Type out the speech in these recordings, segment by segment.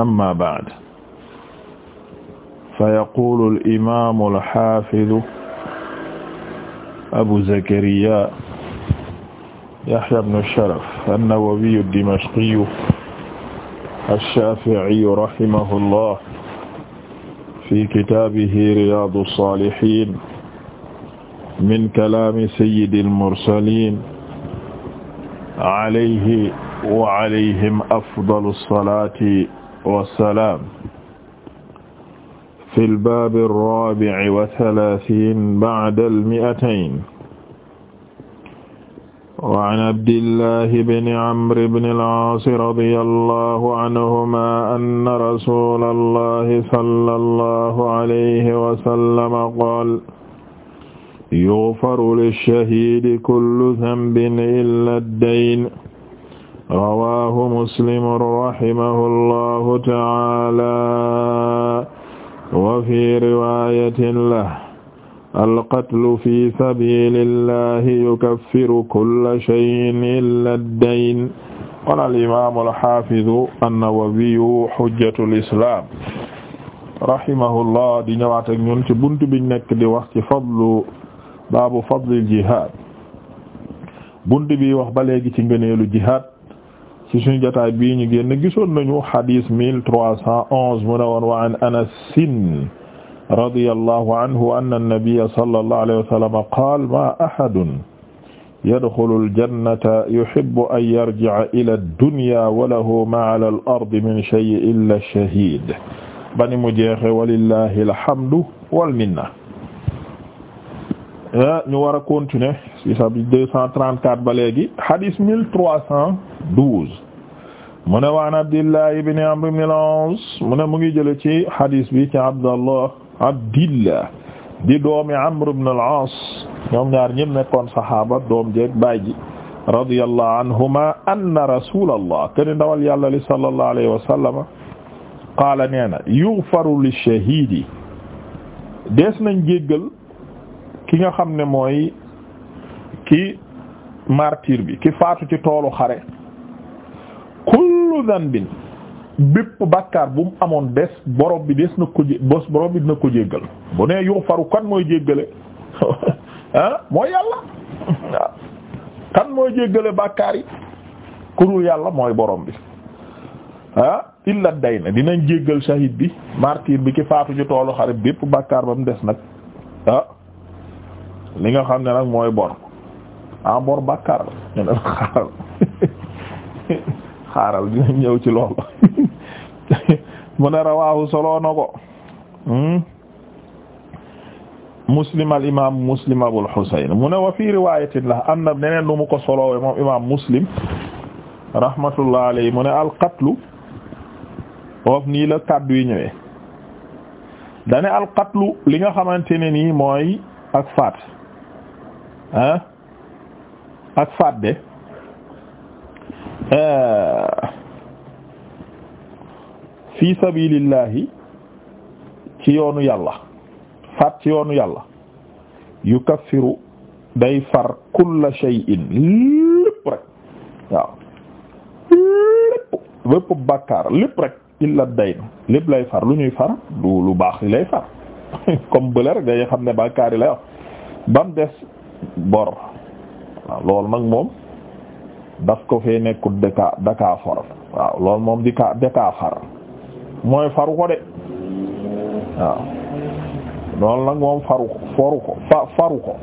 amma ba'd fa yaqulu al-imaamu al-haafidu abu zakariya yahya ibnu sharaf an-nawawiyu ad-dimashqiyu ash-shaafi'iyu rahimahullah fi kitaabihi riyaadu as-saalihiin min kalaami sayyidil mursaliin alayhi wa alayhim afdalu as-salaati wasalaam fi lbaabi arrabici wa talaatiin bacda almi'atayn wa an abdillahi bni amri bni al-aas radiyallahu anhuma anna rasuulallahi sallallahu alayhi wa sallam qaala yughfaru lish-shahiidi kullu dhanbin illa ad-dayn rawaahu muslim rahimahullahu ta'ala wa fi riwaayatin lahu alqatlu fi sabiilillahi yukaffiru kulla shay'in illa ad-dayn qaala al-imaam al-haafidu an-nawawiyu hujjatul islaam rahimahullah di ñëwaat ak ñun ci buntu bi nekk di wax ci fadlu baabu fadlil jihaad buntu bi wax ba léegi ci ngëneelu jihaad ci suñu jotaay bii ñu génn gisoon nañu hadith mille trois cent onze mu ne woon wa an anasin radiyallahu anhu anna an-nabiyya sallallahu alayhi wa sallam qaala maa ahadun yadxulu al-jannata yuhibbu an yarji'a ila ad-dunya wa lahu maa ala al-ardi min shay'in illa ash-shahiid bani mu jeexe walillahi alhamdu wal minna ñu war a continuer ci sa 234 ba léegi hadith 1312 mu ne waan abdillah ibn amr ibn al-aas mu ne mu ngi jële ci hadis bi ci abdallah abdillah di doomi amr ibn al-aas ñoom ñaar ñëpp nekkoon sahaaba doom jeeg baay ji radiyallahu anhuma anna rasulallah ken ndawal yàlla li sallallahu alayhi wa sallama qaala nee na yughfaru li shahidi dees nañ jéggal ki nga xam ne mooy ki martyr bi ki faatu ci toolu xare kullu dhanbin bépp bàkkaar bu mu amoon des borom bi des na ko jé bos borom bi dina ko jéggal bu nee yughfaru kan mooy jéggale ah, mooy yàlla waaw kan mooy jéggale bàkkaar yi ku yàlla mooy boroom bi ah day na dinañ jéggal shahid bi martyr bi ki faatu ci toolu xare bépp bakkaar ba mu des nag ah, li nga xam ne nag mooy bor ah bor bàkkaar la xaaral dinañ ñëw ci lool mu ne rawaahu solo na ko hmm? muslim al imaam muslim abul husayn mu ne wa fi riwaayatin la am na neneen lu mu ko solowee moom imaam muslim rahmatullah alayhi mu ne al qatlu foofu nii la kàddu yi ñëwee dane al qatlu li nga xamante ne nii mooy ak faat ak faat Euh, fi sabilillahi ci yoonu yàlla faat ci yoonu yàlla yukaffiru day far kulla shay'in lépp rek waaw lépp lépp bàkkaar lépp rek illa dayn lépp lay far lu ñuy far lu baax li lay far comme bële rek day xam ne bàkkaar la lay bam des bor waaw nag moom daf ko fee nekkul daka daka waaw lool moom di ka daka far mooy faru ko de waaw loolu nag moom faru ko foru ko faru ko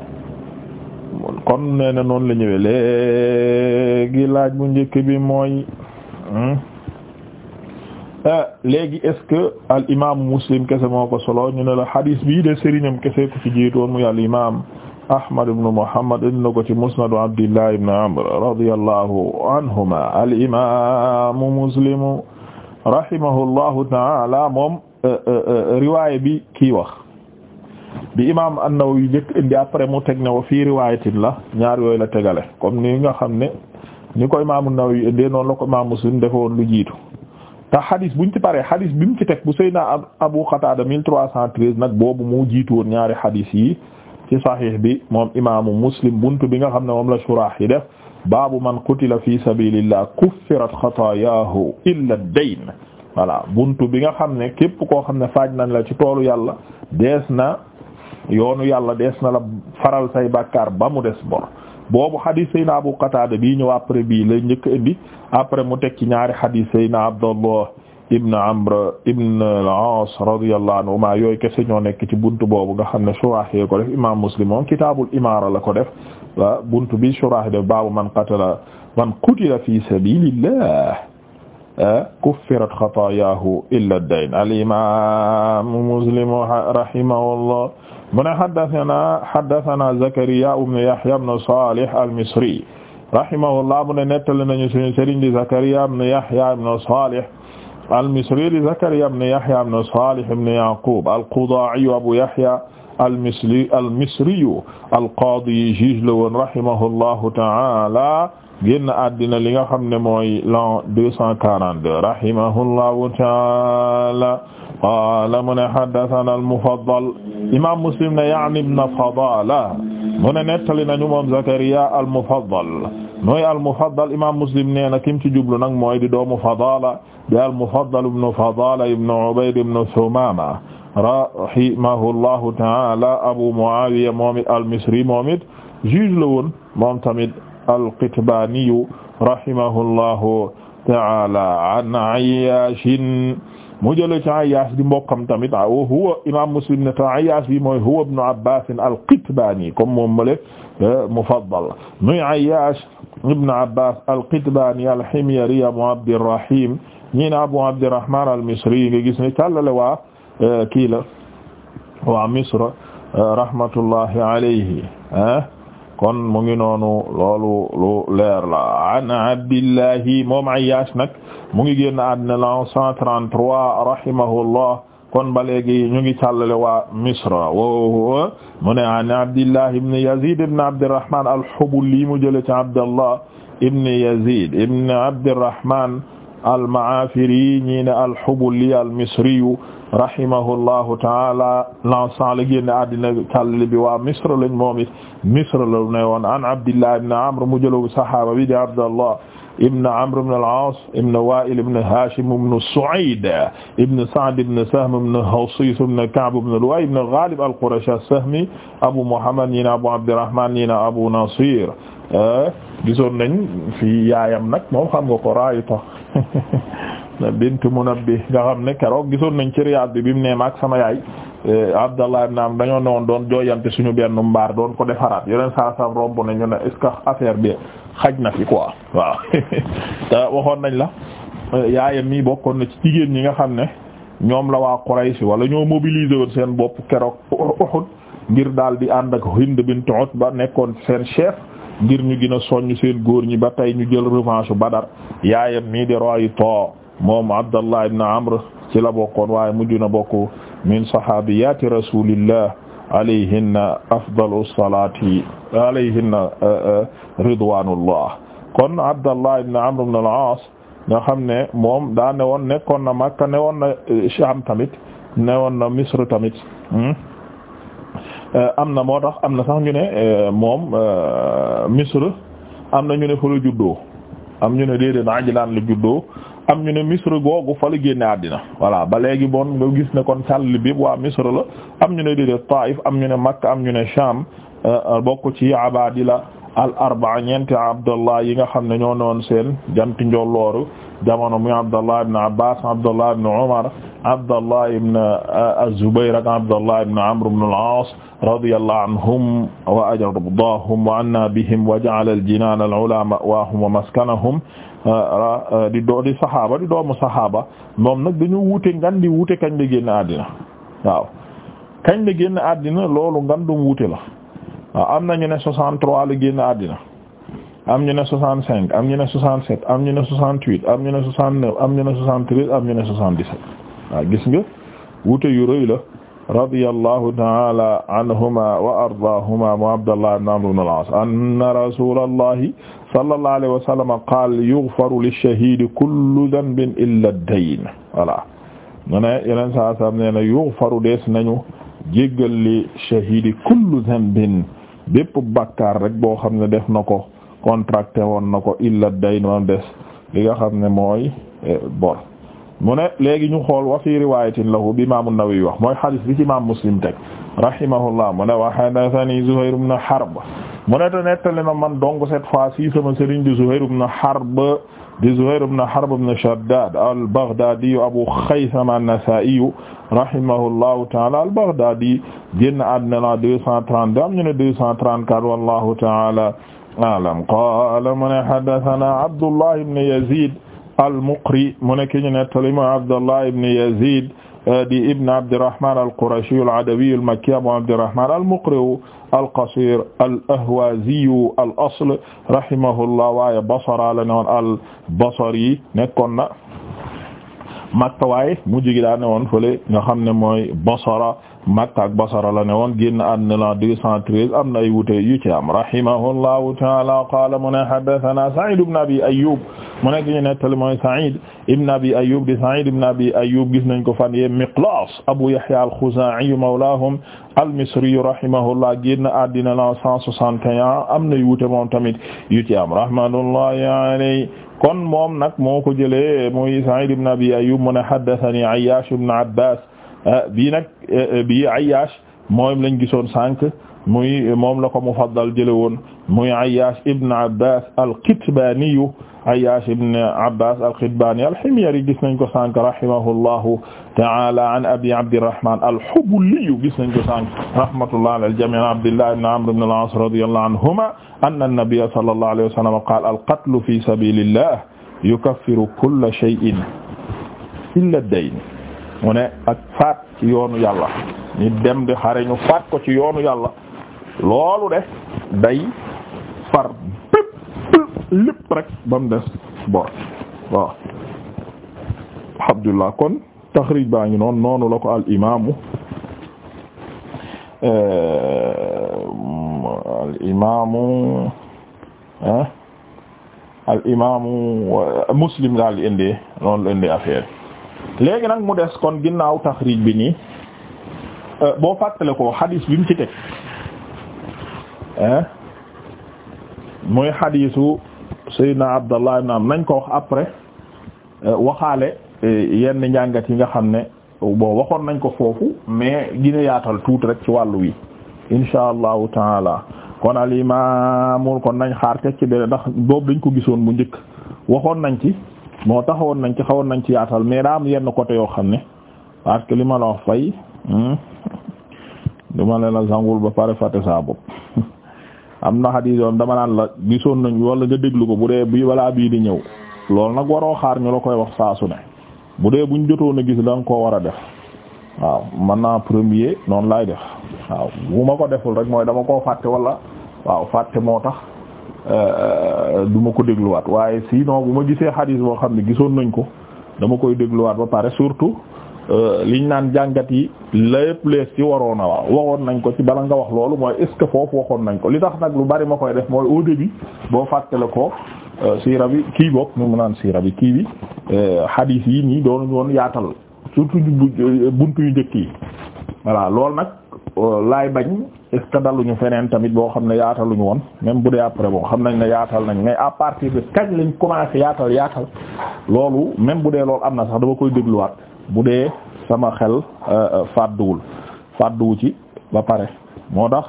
kon nee na noonu la ñëwee léegi laaj bu njëkk bi mooy hmm? eh, léegi est-ce que al imaamu muslim kese moo ko solo ñu ne la hadis bii de sëriñam kese ku ci jiitoon muy al imaam Ahmad ibn Muhammad indi na ko ci Musnad Abdillah ibn Amr radiyallahu anhuma al-imaamu Muslim rahimahullahu ta'ala moom eh, eh, eh, riwaay bi kii wax bi imaam An-Nawawi njëkk indi après mu teg ne wa fii riwaayatin la ñaar yooyu la tegale comme ni nga xam ne ni ko imaam An-Nawawi indee noonu la ko imaam Muslim defe woon lu jiitu te xadis buñ ci paree bi mu ci teg bu Seydina Abu Qataada 1313 nag boobu moo jiitu woon ñaari xadis yi ci saxiix bi moom imaamu muslim buntu bi nga xam ne moom la suraax yi def baabu man qutila fi sabilillah kuffirat xataayaahu illa ad-dayn voilà buntu bi nga xam ne képp koo xam ne faaj nañ la ci toolu yàlla dees na yoonu yàlla dees na la faral say bàkkaar ba mu des bor boobu xadiis sayna Abu Qataada bii ñëw après bii lay njëkk indi après mu teg ci ñaari xadiis sayna Abdallah ibn Amr ibn al-Aas radiyallahu anhuma yooyu kese ñoo nekk ci buntu boobu nga xam ne shuraax yee ko def imaam Muslim moom kitaabul imaara la ko def buntu bi shuraax def baabu man qatala man qutila fi sabiilillah kuffirat xataayaahu illa ad-dayn al-imaam Muslim rahimahullah mu ne haddasanaa haddasanaa Zakariyaa ibn Yahyaa ibn Saalih al-Misri rahimahullah mu ne nettali nañu suñu sëriñ di Zakariyaa ibn Yahyaa ibn Saalih al-Misri li Zakariya ibn Yahya ibn Salih ibn Yaqub al-Qudaa'i Abu Yahya al-Misri al-Misri al-Qaadi juge la woon rahimahullahu ta'ala génn àddina li nga xam ne mooy l'an deux cent quarante-deux rahimahullahu ta'ala qaala mu ne haddathana al-Mufaddal imaam Muslim ne yaani ibn Fadala mu ne nettali nañu moom Zakariya al-Mufaddal mooy al-Mufaddal imaam Muslim nee na kim ci jublu nag mooy di doomu Fadala di al-Mufaddal ibn Fadala ibn Ubayd ibn Sumaama rahimahullahu ta'ala Abu Muawiya moom it al-Misri moom it juge la woon moom tamit al-Qitbaaniyu rahimahullahu ta'ala an Ayyaashin mu jëlee ci Ayyaas di mbokkam tamit ah huwa imaam Muslim ne ta Ayyaas bi mooy huwa ibnu Abbaas al-Qitbaani comme moom ma eh, Mufaddal muy Ayyaash ibnu Abbaas al-Qitbaani al-Himyari Abu Abdirrahim ñii na Abu Abdirrahmaan al-Misri nga gis ne càllale waa eh, kii la waa Misr eh, rahmatullahi alayhi kon mu ngi noonu loolu lu leer la an abdillahi moom Ayyash nag mu ngi génn àddina la 133 rahimahullah kon ba léegi ñu ngi càllale waa misra wa mu ne an abdillah ibn yazid ibn abdirrahman al-Hubuli mu jële ci abdallah ibn yazid ibn abdirrahman al-Maafiri ñii ne al-Hubuli al-Misriyu rahimahullahu taala lancan la génn àddina kàll bi waa Misr lañ moom it Misr la ne woon an Abdillah ibn Amr mu jëloon saxaaba bi di Abdallah ibn Amr ibn al-Aas ibn Waa'il ibn Haashim ibn Su'ayd ibn Sa'd ibn Sahm ibn Hasiis ibn Ka'b ibn Lu'ay ibn Ghaalib al-Qurashi as-Sahmi Abu Muhammad ñii ne Abu Abdirrahmaan ñii ne Abu Nasiir eh, gisoon nañ fi yaayam nag moom xam nga ko raayita la bint Munabbih nga xam ne keroog gisoon nañ ci Riyaad bi bi mu ne ma sama yaay eh, Abdallah ibn Amr dañoo newoon doon jooyante suñu benn mbaar doon ko defaraat yeneen saa saa romb ne ñu ne est affaire bi xaj na fi quoi waaw te waxoon nañ la eh, yaayam mi bokkoon na ci jigéen ñi nga xam ne ñoom la waa Quraysh wala ñoo mobiliser woon seen bopp kerook Uhud ngir daal di ànd ak Hind bint Utba nekkoon seen chef. ngir ñu gën a soññ seen góor ñi ba tey ñu jël revanche Badar yaayam mii di royi to moom Abdallah ibn Amr ci la bokkoon waaye mujj na bokk min sahabiyati rasulillah alayhinna afdalu salati alayhinna uh, uh, ridwanullah kon Abdallah ibn Amr ibn al nga xam ne moom daa ne woon na Makka ne woon na Sham tamit ne woon na tamit hmm? Euh, am na moo tax am na sax ñu ne euh, moom euh, Misr am na ñu ne fa la juddoo am ñu ne déedéet Ajlaan la juddoo am ñu ne Misr googu fa la génne àddina voilà ba léegi bon nga gis ne kon sàll bi waa Misr la am ñu ne déedéet Taïf am ñu ne Makka am ñu ne Sham bokk ci Abadila al arbaa ñeenti Abdallah yi nga xam ne ñoo noon seen jant njollooru jamono muy Abdallah ibn Abbas Abdallah ibn Umar Abdallah ibn Az-Zubayr ak Abdallah ibn Amr radiyallahu anhum wa ardaahum wa anna bihim wa ja'ala al-jinaan al-'ulaa ma'waahum wa maskanahum uh, di doo di saxaaba di doomu saxaaba moom nag dañu wuute ngan di wuute kañ la génn àddina waaw kañ la génn àddina loolu ngan dum wuute la waaw am nañu ne 63 la génn àddina am ñu ne 65 am ñu ne 67 am ñu ne 68 am ñu ne 69 am ñu ne 73 am ñu ne 77 waaw gis nga wuute yu rëy la. radiyallahu ta'ala anhuma wa ardaahuma mu Abdallah ibn Amr ibn al-As anna rasulallahi sallallahu alayhi wa sallam qaala yughfaru lish-shahiidi kullu dhanbin illa ad-dayn voilà ñu ne yeneen saa saam nee na yughfaru dees nañu jéggal lish-shahiidi kullu dhanbin bépp bàkkaar rek boo xam ne def na ko contracté woon na ko illa ad-dayn moom des li nga xam ne mooy eh, bor. mu ne léegi ñu xool wa fi riwayatin lahu bi imam an-Nawawi wax mooy hadith bi ci imam Muslim teg rahimahullah mu ne wa hadathani Zuhayr ibn Harb mu ne te nettali na man dong cette fois-ci sama sëriñ di Zuhayr ibn Harb di Zuhayr ibn Harb ibn Shaddad al-Baghdadi Abu Khaythama an-Nasa'i rahimahullahu ta'ala al-Baghdadi génn àddina la 232 am ñu ne 234 wallahu ta'ala a'lam qala mu ne hadathana Abdullah ibn Yazid al-Muqri mu nekk ñu nettali mooy Abdallah ibn Yazid eh, di ibn Abdirrahman al-Qurashi al-Adawi al-Makki Abu Abdirrahman al-Muqri al-Qasir al-Ahwazi al-asl rahimahullah waaye Basra la newoon al-Basri nekkoon na Makka waaye mujj gi daa newoon fële nga xam ne mooy Basra Makka ak Basra la ne woon génn àddina la 213 am na ay wute yu ci am rahimahullahu ta'ala qala mu ne haddathana Sa'id ibn Abi Ayyub mu nekk ñu nettali mooy Sa'id ibn Abi Ayyub di Sa'id ibn Abi Ayyub gis nañ ko fan yee Miqlas Abu Yahya al-Khuza'i mawlahum al-Misri rahimahullah génn àddina la 161 am na ay wute moom tamit yu ci am rahmatullahi alayhi kon moom nag moo ko jëlee muy Sa'id ibn Abi Ayyub mu ne haddathani Ayyash ibn Abbas Ah, bii nag eh, eh, bii Ayyash moom lañ gisoon sànq muy moom la ko Mufaddal jëlee woon muy Ayyash ibn Abbas al-Qitbani Ayyash ibn Abbas al-Qitbani al-Himyari gis nañ ko sànq rahimahullahu ta'ala an Abi Abdirrahman al-Hubuli gis nañ ko sànq rahmatullahi ala al-jami' Abdullah ibn Amr ibn al-As radiyallahu anhuma anna an-nabiyya sallallahu alayhi wa sallam qala al-qatlu fi sabilillah yukaffiru kulla shay'in illa ad-dayn mu ne ak faat ci yoonu yàlla ni dem di xare ñu faat ko ci yoonu yàlla loolu de day far bépp lépp rek ba des bor waaw alhamdulillah kon taxrij baa ngi noonu noonu la ko al imaamu euh, al imaamu ah al imaamu euh, muslim daal di indee noonu la indee léegi nag mu des kon ginnaaw tax taxriij bi nii euh, boo fàttale ko xadiis bi mu ci teg mooy xadiisu Seydina Abdallah ibn Amr nañ ko wax après euh, waxaale euh, yenn njàngat yi nga xam ne boo waxoon nañ ko foofu mais gine tuuti rek ci wàllu wi insha allahu taala kon al imaamul kon nañ xaar teg ci beneen ndax boobu dañ ko gisoon bu njëkk waxoon nañ ci moo taxawoon nañ ci xawoon nañ ci yaatal mais daa am yenn côté yoo xam ne parce que li la wax fay hmm, du ma leen a sangul ba pare fàtte saa bopp am na xadiis yoon dama naan la gisoon nañ wala nga déglu ko bu dee bii balaa bii di ñëw lool nag waroo xaar ñu la koy wax saasu ne bu dee buñ jotoon a gis da nga koo war a def waaw man naa premier noonu laay def waaw bu ma ko deful rek mooy dama koo fàtte wala waaw fàtte moo tax. Euh, du ma ko dégluwaat waaye sinon bu ma gisee xadiis boo xam ne gisoon nañ ko dama koy dégluwaat ba pare surtout euh, liñ naan jàngat yi lépp lees ci waroon a wax waxoon nañ ko ci bala nga wax loolu mooy est-ce foofu waxoon nañ ko li tax nag lu bari ma koy def mooy au début boo fàttale ko euh, siira bi kii boog nu mu naan siira bi kii bi xadiis yi nii doonuñu woon yaatal surtout bunt yu njëkk yi voilà loolu nag Euh, laay bañ est-ce que daluñu feneen tamit boo xam ne yaataluñu woon même bu dee après bon xam nañ ne yaatal nañ mais à partir de kañ lañ commencé yaatal yaatal loolu même bu dee lool am na sax dama koy dégluwaat bu dee sama xel euh, euh, fàdduwul fàdduwu ci ba pare moo tax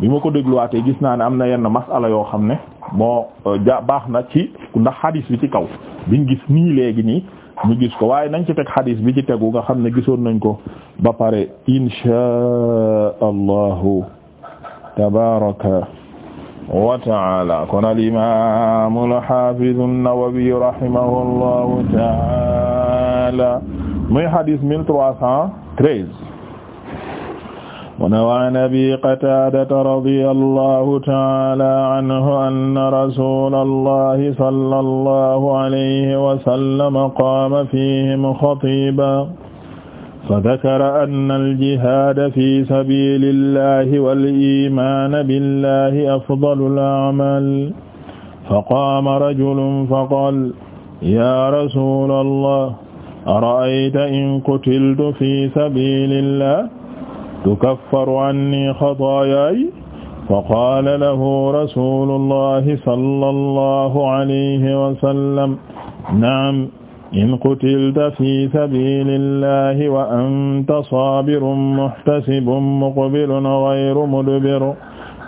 bi ma ko dégluwaatee gis naa ne am na yenn masala yoo xam ne moo ja baax na ci ndax hadis bi ci kaw biñ gis nii léegi nii ñu gis ko waaye nañ ci teg xadis bi ci tegu nga xam ne gisoon nañ ko ba pare inshaa allahu tabaraka wa taala kon al imam al hafiz an-Nawawi rahimahu allahu taala muy xadis mille trois cent treize mun wa an abi qataadata radiyallahu ta'ala anhu anna rasulallahi sallallahu alayhi wa sallam qaama fihim khatiiban fadakara anna al-jihaada fi sabiilillahi wal iimaana billahi afdalul a'maal faqaama rajulun faqaala yaa rasulallah ara'ayta in qutiltu fi sabiilillah tukaffaru anni xataayaay fa qaala lahu rasulullahi sallallahu alayhi wa sallam naam in qutilta fi sabilillahi wa anta saabirun muhtasibun muqbilun ghayru mudbirin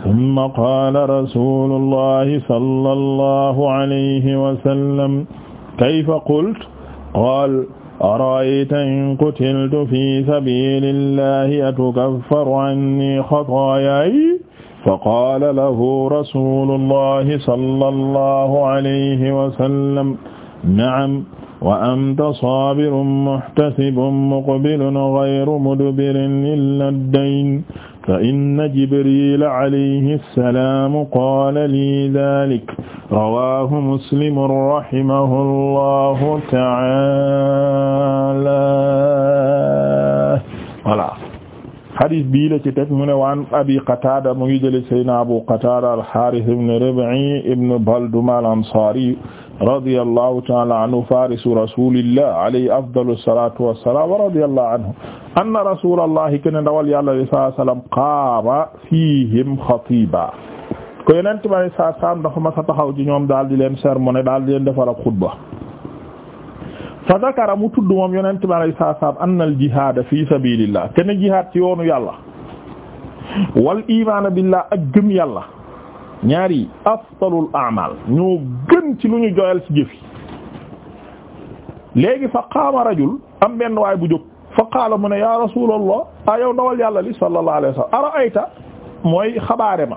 summa qaala rasulullahi sallallahu alayhi wa sallam kayfa qult qaala ara'ayta in qutiltu fi sabilillahi atukaffaru anni xataayaaya faqaala lahu rasulullahi sallallahu alayhi wa sallam na'am wa anta saabirun muhtasibun muqbilun ghayru mudbirin illa ad-dayn fa inna jibrila alayhi salaam qaala lii daalik rawaahu muslim rahimahu llahu taala voilà xadis bii la ci teg mu ne waan abi qatada mu ngi jële sayyidina abu qatada al-Haaris ibn Rib'i ibn Baldama al-Ansaari radiyallahu ta'ala anhu farisu rasulillah alayhi afdalu salatu wassalam wa radiyallahu anhu anna rasulallahi kene ndawal yàlla li saa sallam qaama fihim xatiba ko yenente ma ne saa saam dafa mas a taxaw ji ñoom daal di leen sermoné daal di leen defal ab xutba fa zakara mu tudd moom yonente ma ne saa saam anna al jihada fi sabilillah kene jihaad ci yoonu yàlla wal imaana billah ak gëm yàlla ñaari yi afdalul a'mal ñoo gën ci lu ñu joyal ci jëf yi léegi fa qaama rajul am benn waay bu jóg fa qaala mu ne ya rasulallah a ah yow ndawal yàlla li sallallahu alayhi wasallam ara ayta mooy xabaare ma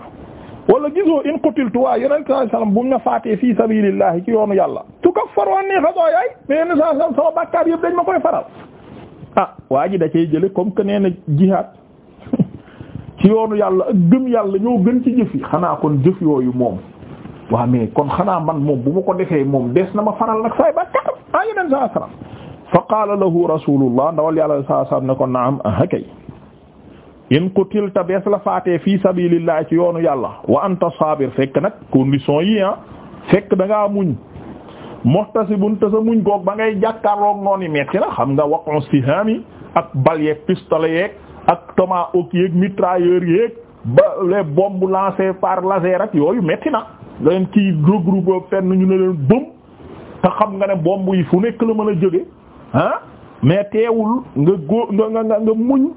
wala gisoo in qutiltu waaye yonent sallallahu alayhi wasallam bu nga faatee fii sabilillahi ci yoonu yàlla tukaffaru anni xataayaay mais yonent sallallahu alayhi wasallam sama bàkkaar yëpp dañ ma koy faral ah waa ji da cay jële comme que nee na ci yoonu yàlla ak gëm yàlla ñoo gën ci jëf xanaa kon jëf yooyu moom waa mais kon xanaa man moom bu ma ko defee moom des na ma faral nag saay bàkkaar ah yeneen saa salaam fa qaala lahu rasulullah ndawal yàlla saa salaam ne ko naam ah kay in qutilta bees la faatee fii sabilillah ci yoonu yàlla wa anta saabir fekk nag condition yi ah fekk da ngaa muñ muhtasibun te sa muñ goog ba ngay jàkkaarloog noonu metti na xam nga waqu sihaami ak bal ak tomahawk yeeg mitrailleur yeeg ba les bombes lancées par laser ak yooyu metti na leen kii regroupé fenn ñu ne leen bëm te xam nga ne bomb yi fu nekk la mën a jóge ah mais teewul nga góo nga nga nga muñ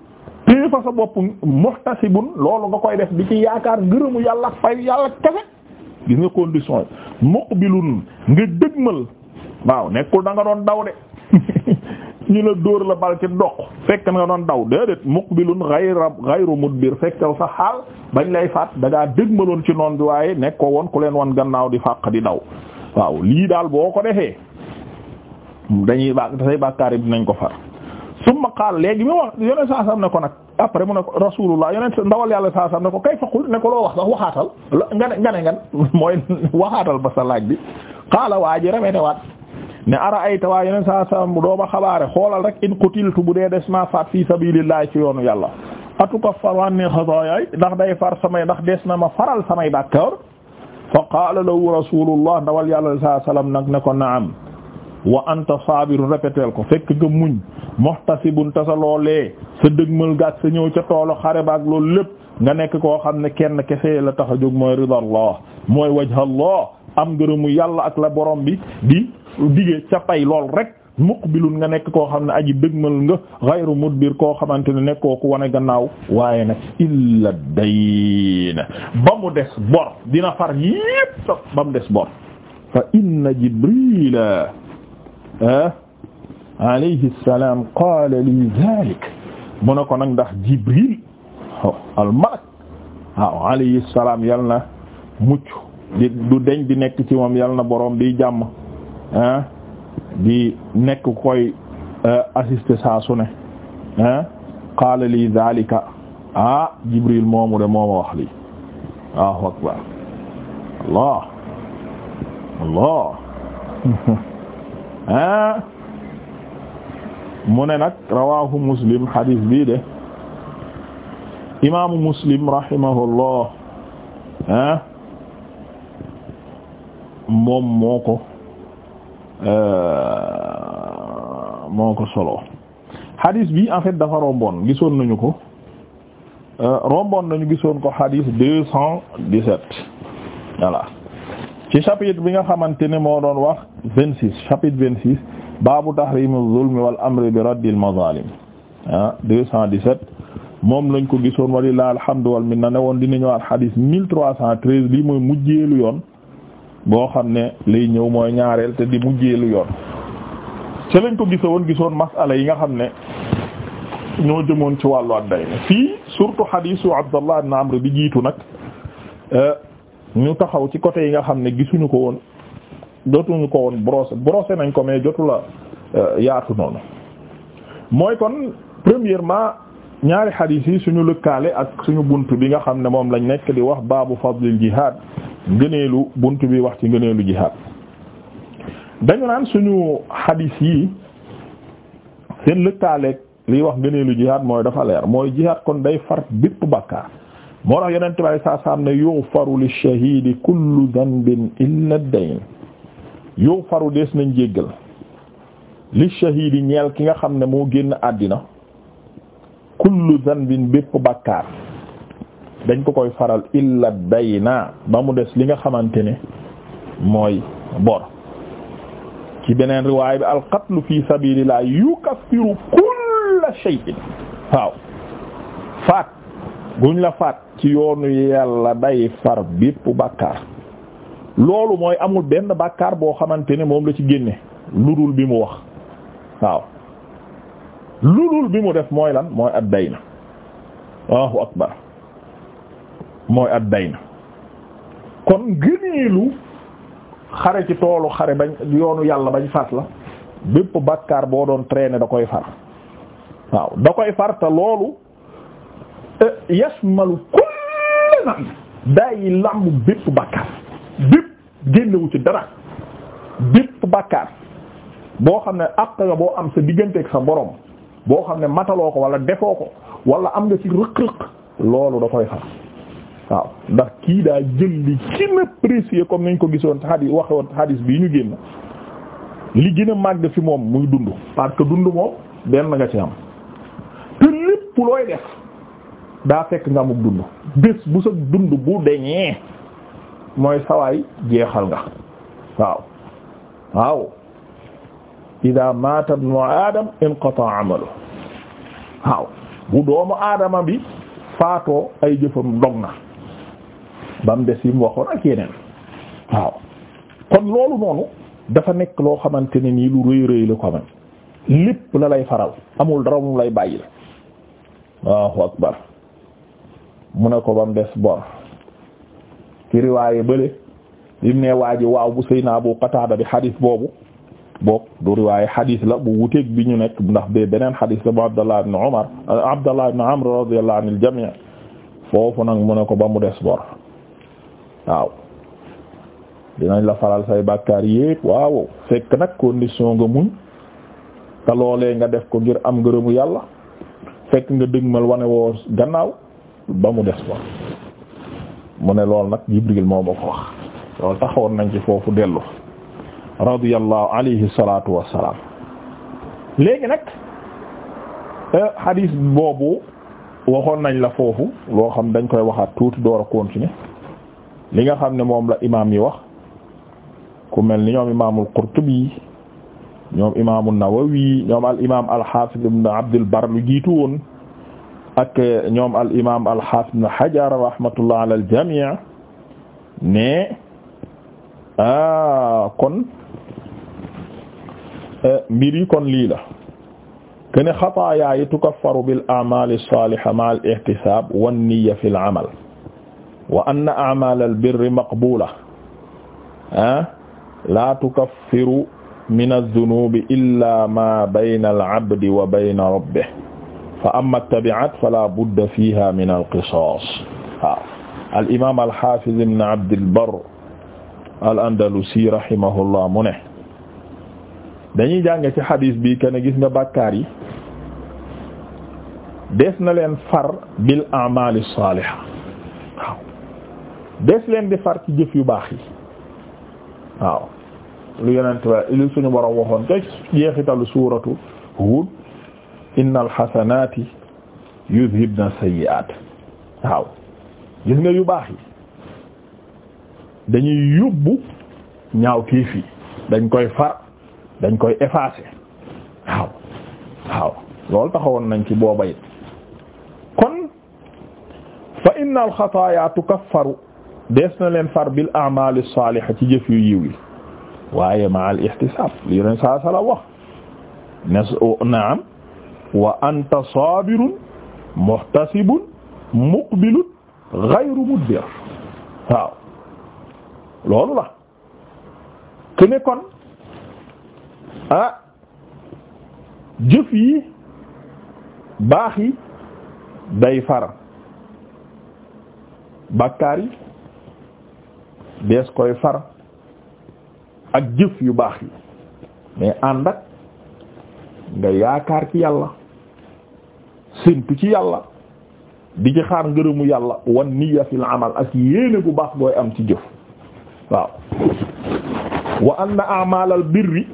téye fa sa bopp muhtasibun loolu nga koy def bi ci yaakaar ngërëmu yàlla fay yàlla kese gis nga condition yi muqbilun nga dëgmal waaw nekkul da nga doon daw de ñu ne dóor la bal ci doq fekk na nga doon daw déedéet muqbilun ghayra ghayru mudbir fekk sa xaal bañ lay faat da ngaa dégmaloon ci noon bi waaye nekkoo woon ku leen woon gannaaw di fàq di daw waaw lii daal boo ko defee dañuy ba say bàkkaar yi nañ ko far summa qaal léegi mu wax yoneen saa sam ne ko nag après mu ne ko rasulullah yoneen ndawal yàlla saa sam ne ko kay faqul ne ko loo wax sax waxaatal nga ne nga ne ngan mooy waxaatal ba sa laaj bi qaala waa waat ne ara ayta waa yeneen saa saa doo ma xabaare xoolal rek in qutiltu bu dee des ma faat fi sabilillah ci yoonu yàlla atukaffaru anni xataayaay ndax day far samay ndax des na ma faral samay bàkkaar fa qaala lahu rasulullah ndawal yàlla saa sallam nag ne ko naam wa anta saabirun répétel ko fekk nga muñ muhtasibun ta sa loolee sa dëgmal gaak sa ñëw ca toolu xare baak loolu lépp nga nekk koo xam ne kenn kese la tax a jóg mooy ridallah mooy wajhallah am ngërëmu yàlla ak la borom bi dige ca pay lool rek muqbilun nga nekk koo xam ne aji dëgmal nga ghayru mudbir koo xamante ne nekkoo ku wane gannaaw waaye nag illa dayn ba mu des bor dina far yépp ba mu des bor fa inna jibrila ah, alayhi salaam qaala li zalik mu ne ko nag ndax jibril oh, al malak waaw ah, alayhi salaam yal na mucc di du deñ di nekk ci moom yal na boroom bi jàmm ah di nekk koy euh, assister saa su ne ah qaala lii daalika ah Jibril moomu de mooma wax lii Allahu akbar Allah Allah ah mu ne nag rawaahu Muslim hadis bii de imaamu Muslim rahimahullah ah moom moo ko. Euh, moo ko solo hadis bi en fait dafa romboon gisoon nañu ko euh, romboon nañu gisoon ko hadis deux cent dix-sept voilà ci chapitre bi nga xamante ne moo doon wax vingt-six chapitre vingt-six baabu tahrim az-zulm wal amri bi radd al-mazalim ah deux cent dix-sept moom lañ ko gisoon walillahi alhamdu wal minna ne woon dina ñëwaat hadis mille trois cent treize lii mooy mujjeelu yoon boo xam ne lay ñëw mooy ñaareel te di mujjeelu yoon ca lañ ko gisoon gisoon masala yi nga xam ne ñoo jëmoon ci wàllu adday ne fii surtout hadisu Abdallah ibn Amr bi jiitu nag euh, ñu taxaw ci côté yi nga xam ne gisuñu ko woon jotuñu ko woon brosser brosser nañ ko mais jotu la euh, yaatu noonu mooy kon premièrement ñaari hadis yi suñu lëkkaale ak suñu bunt bi nga xam ne moom lañ nekk di wax baabu fadlil jihad ngëneelu bunt bi wax ci ngëneelu jihaad dañu naan suñu xadiis yi seen lëkkaaleeg liy wax ngëneelu jihaad mooy dafa leer mooy jihaad kon day far bépp bàkkaar moo tax yonent bi saa saam ne yughfaru lish-shahiidi kullu dhanbin illa ad-dayn yughfaru des nañ jéggal lish-shahiidi ñeel ki nga xam ne moo génn àddina kullu dhanbin bépp bàkkaar dañ ko koy faral illa naa ba mu des li nga xamante ne mooy bor ci beneen riwaay bi al qatlu fi sabilillah yukaffiru kulla shay'in waaw faat guñ la faat ci yoonu yàlla day far bépp bàkkaar loolu mooy amul benn bàkkaar boo xamante ne moom la ci génne ludul bi mu wax waaw ludul bi mu def mooy lan mooy ad dayna Allahu akbar mooy ad dayn kon gëneelu xare ci toolu xare bañ yoonu yàlla bañ fas la bépp bàkkaar boo doon traîner da koy far waaw da koy far te loolu eh, yasmalu kulli zam day lamb bépp bàkkaar bépp génnewu ci dara bépp bàkkaar boo xam ne àq nga boo am sa digganteeg sa borom boo xam ne mataloo ko wala defoo ko wala am nga ci rëq-rëq loolu da koy far waaw ndax kii daa jël li gën a précieux comme nañ ko gisoon hadis waxe woon hadis bii ñu génn li gën a màgg fi moom muy dund parce que dund moom benn nga ci am te lépp looy def daa fekk nga amuk dund bés bu sa dund bu deñee mooy sawaay jeexal nga waaw waaw ida mata ibnu adam inqata amalu waaw bu doomu aadama bi faatoo ay jëfam dog na ba mu des yi waxoon ak yeneen waaw kon loolu noonu dafa nekk loo xamante ni nii lu rëy rëy la ko man lépp la lay faral amul dara mu lay bàyyi waaw akbar mu ne ko ba mu des bor ci riwaaye bële lim ne waa ji waaw bu sëy naa bu Qataada bi xadis boobu bokk du riwaaye xadis la bu wuteeg bi ñu nekk ndax bee beneen xadis la bu Abdallah ibn Umar Abdallah ibn Amr radiyallahu anil jami' foofu nag mu ne ko ba mu des bor waaw dinañ la faral say bàkkaar yépp waaw fekk nag condition nga muñ te loolee nga def ko ngir am ngërëmu yàlla fekk nga dëgmal wane woo gannaaw ba mu des ko mu ne lool nag Jibril moo ma ko wax loolu taxawoon nañ ci foofu dellu radiyallahu alayhi salatu wassalaam léegi nag euh, hadis boobu waxoon nañ la foofu loo xam dañ koy waxaat tuuti door a continuer li nga xam ne moom la imam yi wax ku mel ni ñoom imaamul Qurtubi ñoom imaamul Nawawi ñoom al imaam al Haafid ibn Abdul Barr lu jiitu ak ñoom al imaam al Haafid ibn Hajar rahmatullah ala al jamii ne ah kon e, mbir yi kon lii la kene xataayaa yi tukaffaru bil a'maali saaliha ma'al ihtisaab wan niyya fil amal wa anna a'mal al-birri maqbula ah la tukaffiru min adh-dhunubi illa ma bayna al-'abdi wa bayna rabbih fa amma at-tabi'at fala budda fiha min al-qisas waaw ah. al-imam al-hafiz ibn Abd al-Barr al-Andalusi rahimahullah mu ne dañuy jànge ci xadis bi ken gis nga bàkkaar yi des na leen far bil a'mal as-salihah des leen di far ci jëf yu baax yi waaw lu yonent ba lu suñu borom waxoon ca jeexitalu suuratu Huud innal xasanaati yuzhibna sayyi'aat waaw gis nga yu baax yi dañuy yóbbu ñaaw tiif yi dañ koy far dañ koy effacer waaw waaw loolu taxawoon nañ ci booba it kon fa innal xataaya tukaffaru dees na leen far bil a'mal as-salihah ci jëf yu yiw yi waaye ma al ihtisab li yoneen saa sala wax nes naam wa anta sabirun muhtasibun muqbilun ghayru mudbir waaw loolu la ke ne kon jëf yi baax yi day far bakkaar dees koy far ak jëf yu baax yi mais ànd ak nga yaakaar ci yàlla séntu ci yàlla di ci xaar ngërëmu yàlla wan niyya fil amal ak yéene bu baax booy am ci jëf waaw wa anna a'malal birri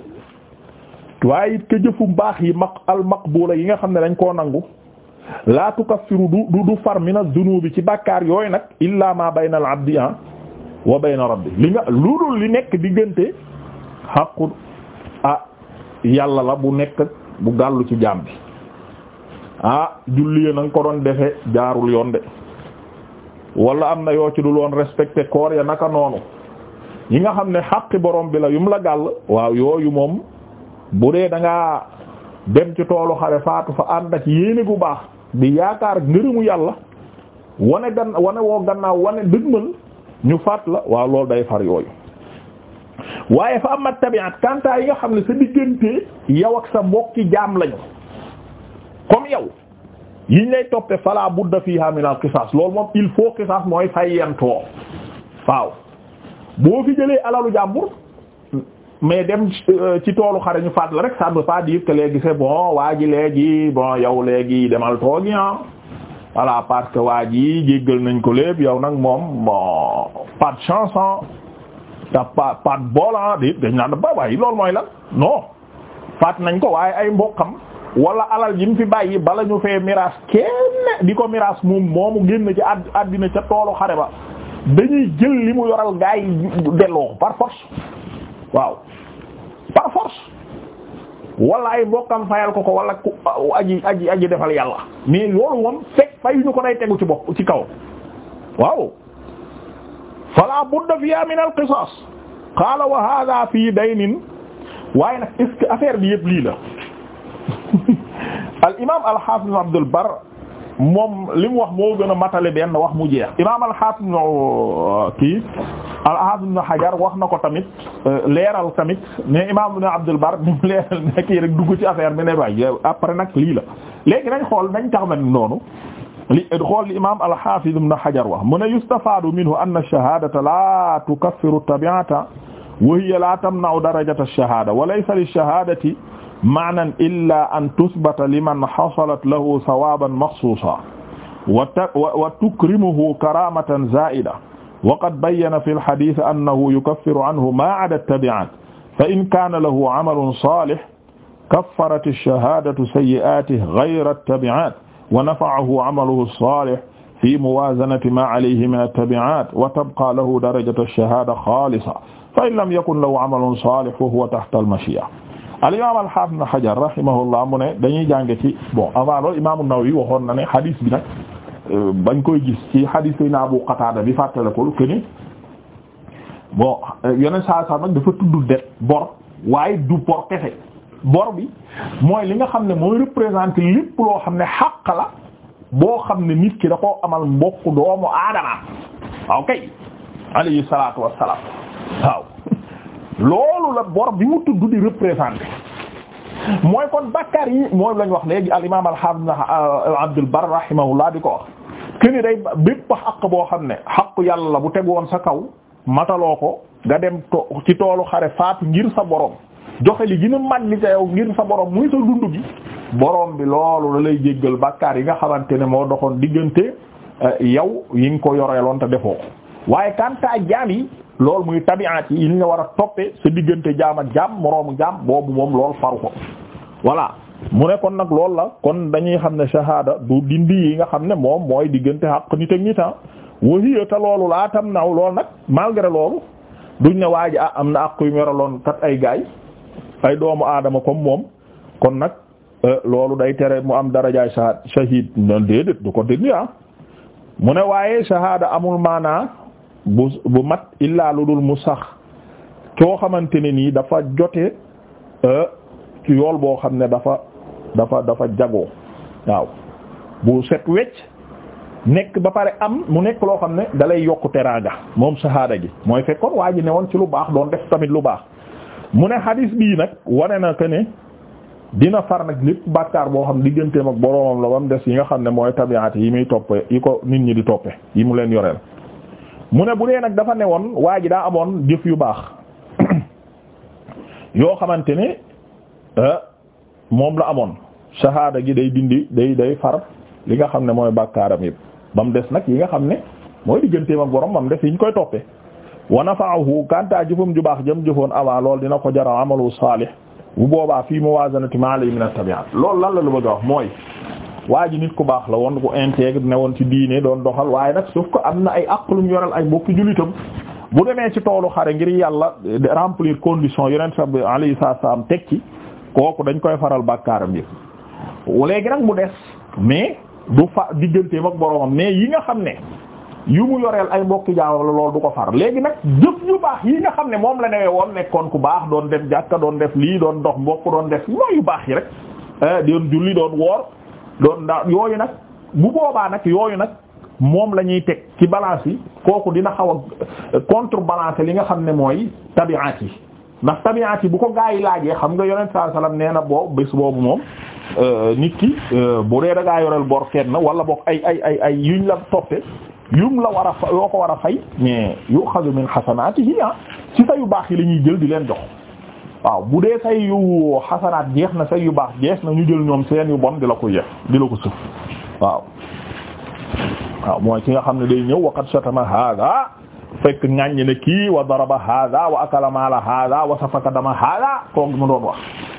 waaye it ke jëfu mbaax yi maq al maqbula yi nga xam ne dañ koo nangu la tukaffiru du du far min az-zunubi ci bàkkaar yooyu nag illa ma bayna al abdi ah, wa bayna bi li nga lu dul li nekk diggante xaqu ah yàlla la bu nekk bu gàllu ci jaam bi ah julli na nga ko doon defe jaarul yoon de wala am na yoo ci dul woon respecté koor ya naka noonu yi nga xam ne xaqi borom bi la yum la gàll waaw yooyu moom bu dee da dem ci toolu xare faatu fa ànd ak yéene bu baax di yaakaar ngërëmu yàlla wane gan wane woo gannaaw wane dëgmal ñu faat la waaw loolu day far yooyu waaye fa amat tabiat kantaa yi nga xam ne sa diggante yow ak sa mbokki jaam lañu comme yow yiñ lay toppe fala budda fiha min al moom il faut qisaas mooy fayyantoo waaw boo fi jëlee alalu jàmbur mais dem euh, ci toolu xare ñu faat la rek ça ne pas dire que léegi c'est bon waa ji léegi bon yow léegi demal toogi ah voilà parce que waa ji jéggal nañ ko lépp yow nag moom bon pas de chance ah te pas pas de bol ah déet ba waaye loolu mooy lan non faat nañ ko waaye ay mbokkam wala alal yi mu fi bàyyi bala ñu fee miraas kenn di ko miraas moom moomu génn ci ad addina ca toolu xare ba dañuy jël li mu yoral gaa yi delloo par force waaw par force. wala ay mbokkam fayal ko ko wala ku aji aji aji defal yàlla mais loolu moom fekk fayuñu ko day tegu ci bopp ci kaw waaw fala budda fiya min al qisas qaala wa hadha fii daynin waaye nag est ce que affaire bi yëpp lii la al imam al hafiz abdul bar moom li mu wax moo gën a matale benn wax mu jeex imaam al-Hafiz uh, kii al-Hafiz Ibn Hajar wax na ko tamit uh, leeral tamit mais imaam Ibn Abdul Bar mu leeral ne kii rek dugg ci affaire bi ne waay après nag lii la léegi nañ xool nañ tax na noonu li xool li imaam al mu Ibn Hajar wax mu ne yustafaadu minhu anna ash-shahaadata laa tukaffiru at-tabi'ata wa hiya laa tamna'u darajata ash-shahaada wa laysa lish-shahaadati maanan illaa an tusbata liman xasalat lahu sawaaban maxsuusa wa tukrimuhu karaamatan zaa'ida wa qad bayyana fil hadiis annahu yukaffiru anhu maa ada tabi'aat fa in kaana lahu amalun saalih kaffarati shahaadatu sayyi'aatihi ghayra tabi'aat wa nafa'ahu amaluhu saalih fi muwaazanati maa alayhi mina tabi'aat wa tabqaa lahu darajatu shahaada xaalisa fa in lam yakun lahu amalun saalih fa huwa tahta al-mashii'a al imam al hafiz ibn Hajar rahimahullah dañuy jànge ci bon avant loolu imam an waxoon na ne hadis bi nag euh, bañ koy gis ci hadis sayna Abu Qatada bi fàttalekol que ni bon yeneen saa saa nag dafa tudd det bor waaye du bor kese bor bi mooy li nga xam ne mooy représenter lépp loo xam ne xàq la boo xam ne nit ki da amal mbokk doomu aadama waaw kay alayhi wassalaam waaw loolu la bor bi mu tudd di représenté mooy kon bakkaar yi mooy lañ wax léegi al imaam al hafiz Abdul Barr laa di ko wax keni day bépp xaq boo xam ne xaq yàlla la bu teg woon sa kaw mataloo ko nga dem to ci toolu xare faat ngir sa borom joxe li gën a mag li ca yow ngir sa borom muy sa dund gi borom bi loolu la lay jéggal bakkaar yi nga xamante ne moo doxoon diggante eh, yow yi nga ko yoreeloon te defoo ko waaye kantaa jaam yi loolu muy tabiaat yi li nga war a toppee sa diggante jaam ak jaam moroomu jaam boobu moom lool faru ko voilà mu ne kon nag loolu la kon dañuy xam ne shahada du dindi yi nga xam ne moom mooy diggante xaq nit ak nit ah. wa ta loolu laa tam naw loolu nag malgré loolu duñ ne waa ji ah am na àq yu meraloon kat ay gaay ay doomu aadama comme moom kon nag euh, loolu day tere mu am darajaay shahid shahid noonu déedéet du ko dindi ah mu ne waaye shahada bu bu mat illaa lu dul mu sax coo xamante ne nii dafa jote euh, ci yool boo xam ne dafa dafa dafa jagoo waaw bu set wecc nekk ba pare am mu nekk loo xam ne dalay yokku teraanga moom sahaada gi mooy fekkoon waa ji ne woon ci lu baax doon def tamit lu baax mu ne xadiis bii nag wane na que ne dina far nag lépp bàkkaar boo xam digganteem ak boroomam la ba des yi nga xam ne mooy tabiat yi muy toppe yi ko nit ñi di toppe yi mu leen yoreel mu ne bu dee nag dafa newoon waa ji daa amoon jëf yu baax yoo xamante ne euh, moom la amoon shahada gi day dindi day day far li nga xam ne mooy bàkkaaram yëpp ba mu des nag yi nga xam ne mooy digganteem ak borom bam def yi ñu koy toppee wa nafa'ahu kanta jëfam ju baax jëm jëfoon avant lool dina ko jaral amalu salih bu boobaa fii muwazanati ma alayhi min na tabiat loolu lan la lu bëgg a mooy waa ji nit ku baax la woon ku intègre ne woon ci diine doon doxal waaye nag sauf que am na ay àqalum yoral ay bokki jullitam bu demee ci toolu xare ngir yàlla remplir condition yonent sab alayhi salaam teg ci kooku dañ koy faral bàkkaaram yëpp léegi nag mu des mais du fa digganteem ak boromam mais yi nga xam ne yu mu yoreel ay mbokki jaamam la lool du ko far léegi nag jëpp yu baax yi nga xam ne moom la newee woon nekkoon ku baax doon def jàkka doon def lii doon dox mbokk doon def yooyu baax yi rek eh, doon lool ndax yooyu nag bu boobaa nag yooyu nag moom la ñuy teg ci balance yi kooku dina xaw contre contrebalancer li nga xam ne mooy tabi'at yi ndax tabi'at yi bu ko gaa yi laajee xam nga yonent saa salaam nee na boobu bés boobu moom euh, nit ki euh, bu dee da ngaa yoreel bor kenn wala boog ay ay ay ay yuñ la toppe yum la war a fa yoo ko war a fay mais yu xadu min xasanaatihi ah, ci sa yu baax yi la ñuy jël di leen jox. waaw bu dee say yu xasanaat jeex na say yu baax jeex na ñu jël ñoom seen yu bon di la ko yeex di la ko sëf waaw waaw mooy ki nga xam ne day ñëw waqad shatama hada fekk ŋàññ ne kii wa daraba hada wa akala mala hada wa safaka dama hada kooku mu doon wax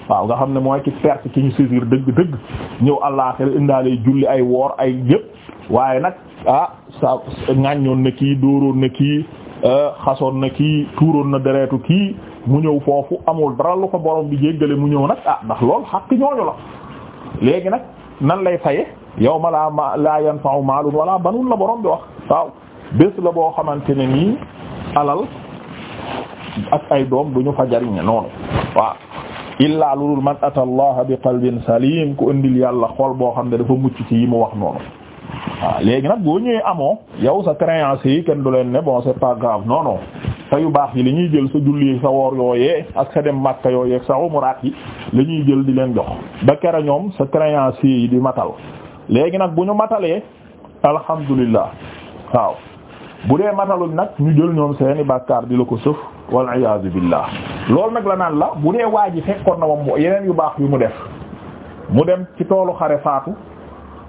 waaw nga xam ne mooy ki perte ki ñu saisir dëgg-dëgg ñëw àllaaxira indaaley julli ay woor ay yëpp waaye nag ah sa ŋàññoon na kii dóoroon na kii Euh, xasoon na kii tuuroon na deretu kii mu ñëw foofu amul dara lu ko borom bi jéggale mu ñëw nag ah ndax lool xaq ñooñu la léegi nag nan lay faye yow ma laa ma laa yanfa'u maalun la borom bi wax waaw bés la boo xamante ne nii alal ak ay doom du ñu fa jariñe noonu waaw illaa lulul man ata allah bi qalbin salim ku indil yàlla xool boo xam ne dafa mucc ci yi mu wax noonu waaw léegi nag boo ñëwee amoo yow sa créance yi kenn du leen ne bon c'est pas grave non non yu baax yi li ñuy jël sa julli sa woor yooyee ak sa dem Makka yooyee ak sa umraat yi la ñuy jël di leen jox ba kera ñoom sa créance yi di matal léegi nag bu ñu matalee alhamdulillah waaw bu dee mataluñ nag ñu jël ñoom seeni bàkkaar di la ko sëf wal iyaazu billah loolu nag la naan la bu dee waa ji fekkoon na moom yeneen yu baax yu mu def mu dem ci toolu xare faatu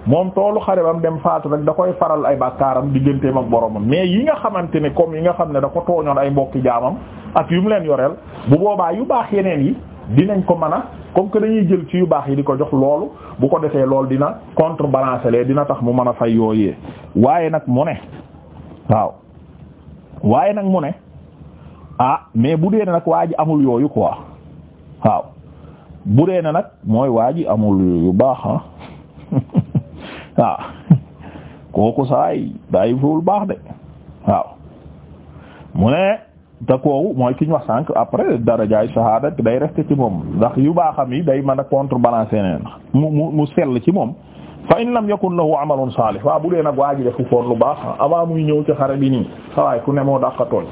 moom toolu xare bam dem faatu rek da koy faral ay bàkkaaram digganteem ak boromam mais yi nga xamante ne comme yi nga xam ne da ko tooñoon ay mbokki jaamam ak yu mu leen yoreel bu boobaa yu baax yeneen yi dinañ ko mën a comme que dañuy jël ci yu baax yi di ko jox loolu bu ko defee loolu dina contrebalancer lee dina tax mu mën a fay yooyee waaye nag mu ne waaw waaye nag mu ne ah mais bu dee nag waa ji amul yooyu quoi waaw bu dee nag mooy waa ji amul baax ah. waaw ah. kooku saay daay fowul baax de waaw mu ne te kooku mooy ki ñu wax sànq après darajaay shahada day reste ci moom ndax yu baaxam yi day mën a contrebalancer neen mu mu mu sell ci moom fa in lam yakun lahu amalun salih waa bu dee nag waa ji defu foon lu baax avant muy ñëw ci xare bi nii sawaay ku ne moo dàqatooñ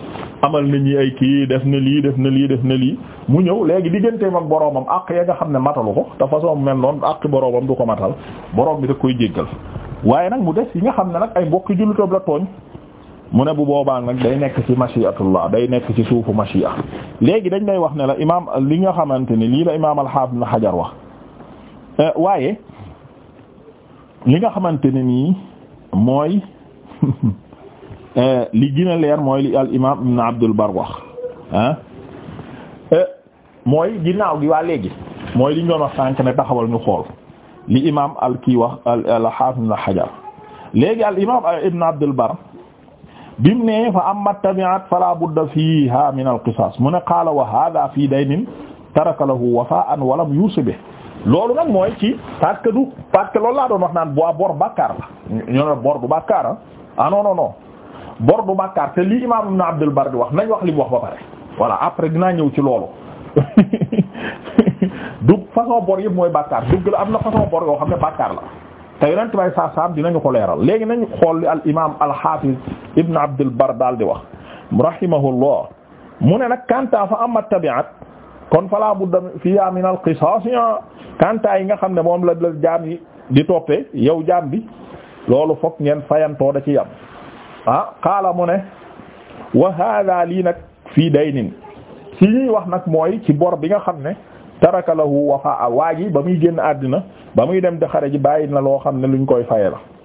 amal na ñi ay kii def na lii def na lii def na lii mu ñëw léegi digganteem ak boroomam àq ya nga xam ne matalu ko te façon mel noonu àq boroomam du ko matal boroom bi da koy jéggal waaye nag mu des yi nga xam ne nag ay mbokki jullutab la tooñ mu ne bu boobaa nag day nekk ci mashiatullah day nekk ci suufu mashia léegi dañ lay wax ne la imaam li nga xamante ni lii la imaam al-Hafiz Ibn Hajar li nga xamante ne nii mooy euh, li gën a leer mooy li al imaam ibn Abdul Bar wax ah mooy ginnaaw gi waa léegi mooy li ñu doon wax sànq ne taxawal ñu xool li imaam al kii wax al haafid ibn Hajar léegi al imaam ibn Abdul Bar bim ne fa amma tabi'at fala budda fiha min al qisas mu ne qaala wa hadha fi daynin taraka lahu wafa'an wa lam yusibhu loolu nag mooy ci parce que parce que loolu laa doon wax naan bu bor bàkkaar la ñoo ne bor du ah. Ah bor du bàkkaar te lii imaam Ibn Abdul di wax nañ wax li mu wax ba pare voilà après dinaa ñëw ci loolu du façon bor yëpp mooy bàkkaar dëgg la am na façon bor yoo xam ne bàkkaar la te yonent bay saa saam dinañu ko leeral léegi na xool li al imaam al hafiz Ibn Abdul daal di wax rahimahullah mu ne nag kanta fa amma tabi'at kon fala budda fiya min al qisas ah, kanta yi nga xam ne moom la la jaam yi di toppee yow jaam bi loolu fokk ngeen fayantoo da ci yam ah xaala mu ne wa hada lii nag fii daynin ci ñuy wax nag mooy ci bor bi nga xam ne taraka lahu wafa a waa ji ba muy génn àddina ba muy dem di xare ji bàyyi na loo xam ne luñ koy faye la